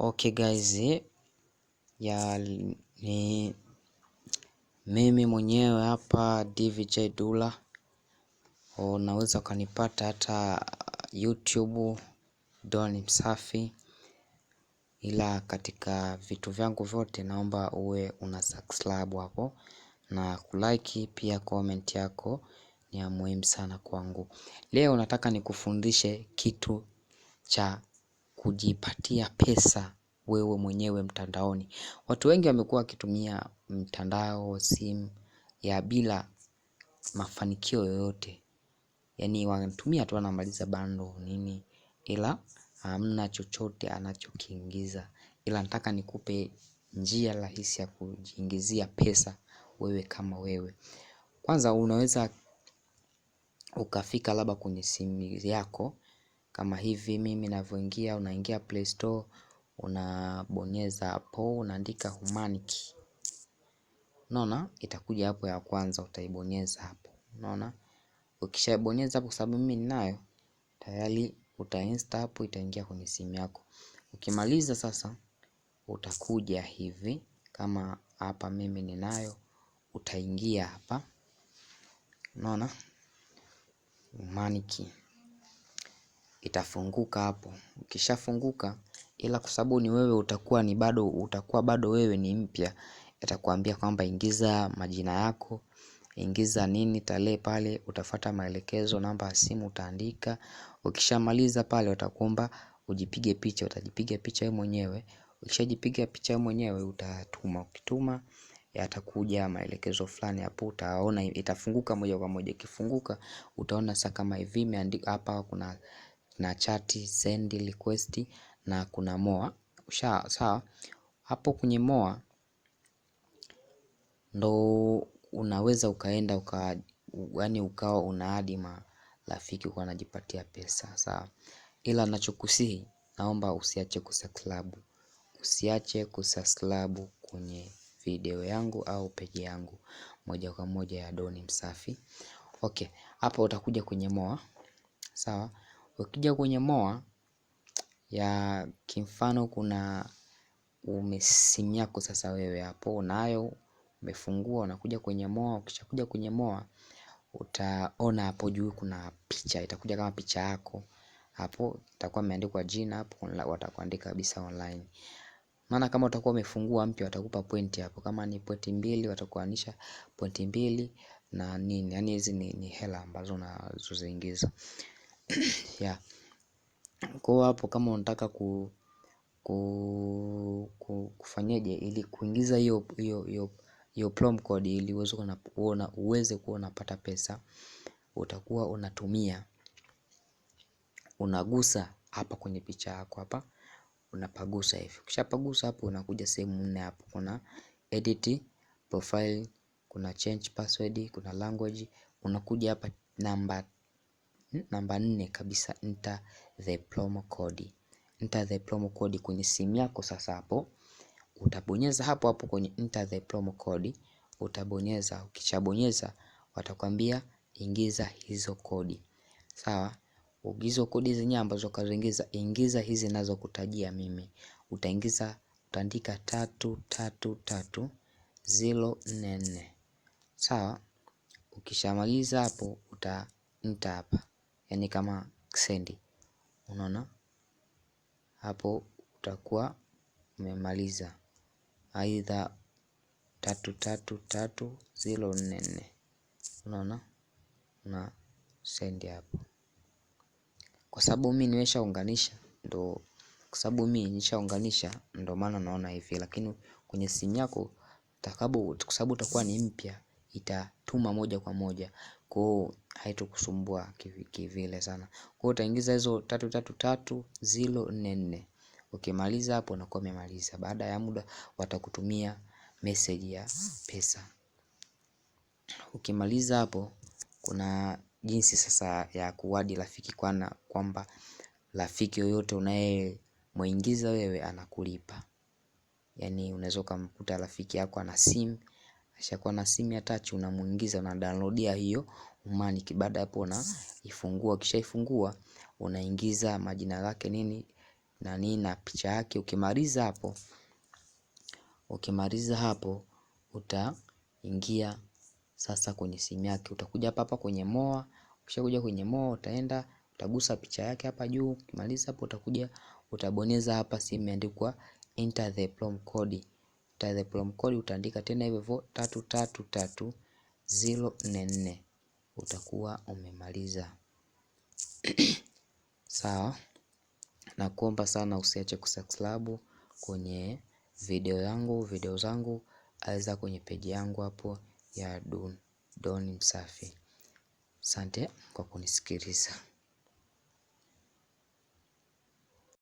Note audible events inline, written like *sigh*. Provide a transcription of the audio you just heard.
Okay guys, ya ni mimi mwenyewe hapa DVJ Dula. Unaweza ukanipata hata YouTube Don Msafi, ila katika vitu vyangu vyote naomba uwe una subscribe hapo na kulike, pia comment yako ni ya muhimu sana kwangu. Leo nataka nikufundishe kitu cha kujipatia pesa wewe mwenyewe mtandaoni. Watu wengi wamekuwa wakitumia mtandao, simu ya bila mafanikio yoyote. Yaani wanatumia tu wanamaliza bando nini ila hamna chochote anachokiingiza ila nataka nikupe njia rahisi ya kujiingizia pesa wewe kama wewe. Kwanza unaweza ukafika labda kwenye simu yako kama hivi mimi ninavyoingia unaingia Play Store unabonyeza hapo unaandika Humaniki. Unaona itakuja hapo ya kwanza utaibonyeza hapo. Unaona? Ukishabonyeza hapo sababu mimi ninayo tayari utainsta hapo itaingia kwenye simu yako. Ukimaliza sasa utakuja hivi kama hapa mimi ninayo utaingia hapa. Unaona? Humaniki itafunguka hapo. ukishafunguka ila kwa sababu ni wewe utakuwa ni bado utakuwa bado wewe ni mpya, itakuambia kwamba ingiza majina yako, ingiza nini tarehe pale, utafata maelekezo, namba ya simu utaandika. Ukishamaliza pale watakuomba ujipige picha, utajipiga picha wewe mwenyewe. Ukishajipiga picha wewe mwenyewe utatuma. Ukituma yatakuja maelekezo fulani hapo, utaona itafunguka moja kwa moja. Ikifunguka utaona sasa kama hivi imeandikwa hapa kuna chati, Send, Request na kuna More. sawa hapo kwenye More ndo unaweza ukaenda uka yani ukawa una adi marafiki ukawa unajipatia pesa sawa. Ila nachokusihi naomba usiache kusubscribe. Usiache kusubscribe kwenye video yangu au peji yangu moja kwa moja ya Doni Msafi. Okay, hapa utakuja kwenye moa Sawa. Ukija kwenye moa ya kimfano, kuna umesimu yako sasa wewe hapo unayo umefungua, unakuja kwenye moa. Ukishakuja kwenye moa utaona hapo juu kuna picha, itakuja kama picha yako hapo, itakuwa imeandikwa jina hapo, watakuandika kabisa online. Maana kama utakuwa umefungua mpya watakupa pointi hapo, kama ni pointi mbili watakuanisha pointi mbili na nini, yaani hizi ni, ni hela ambazo unazoziingiza. *coughs* yeah. Kwa hapo kama unataka ku, ku, ku, kufanyaje ili kuingiza hiyo hiyo hiyo prom code ili uweze kuona uweze kuwa unapata pesa, utakuwa unatumia unagusa hapa kwenye picha yako hapa, unapagusa hivi. Ukishapagusa hapo, unakuja sehemu nne hapo, kuna edit profile, kuna change password, kuna language, unakuja hapa namba namba nne kabisa enter the promo code. Enter the promo code kwenye simu yako. Sasa hapo utabonyeza hapo hapo kwenye enter the promo code utabonyeza. Ukishabonyeza watakwambia ingiza hizo kodi, sawa. Ugizo kodi zenyewe ambazo kaziingiza, ingiza hizi nazo kutajia mimi, utaingiza utaandika tatu tatu tatu zero nne nne, sawa. Ukishamaliza hapo uta enter hapa yani kama sendi. Unaona hapo utakuwa umemaliza. Aidha tatu tatu tatu zero nne nne. Unaona na sendi hapo. Kwa sababu mimi nimeshaunganisha ndo kwa sababu mimi nishaunganisha ndo maana naona hivi lakini kwenye simu yako kwa sababu utakuwa ni mpya itatuma moja kwa moja kwao haitokusumbua kivile sana kwao utaingiza hizo tatu tatu tatu zilo nne nne ukimaliza hapo unakuwa umemaliza baada ya muda watakutumia message ya pesa ukimaliza hapo kuna jinsi sasa ya kuwadi rafiki kwana kwamba rafiki yoyote unayemwingiza wewe anakulipa yaani unaweza ukamkuta rafiki yako ana simu ashakuwa na simu ya touch unamuingiza downloadia hiyo Humanic baada hapo unaifungua ukishaifungua unaingiza majina yake nini na nini na picha yake ukimaliza hapo Ukimaliza hapo utaingia sasa kwenye simu yake utakuja hapa hapa kwenye moa. ukishakuja kwenye moa utaenda utagusa picha yake hapa juu ukimaliza hapo utakuja utabonyeza hapa sehemu imeandikwa enter the promo code utaweza promo code utaandika tena hivyo hivyo tatu tatu tatu zero nne nne utakuwa umemaliza. *clears throat* Sawa, nakuomba sana usiache kusubscribe kwenye video yangu video zangu aweza kwenye peji yangu hapo ya Don Msafi. Asante kwa kunisikiliza.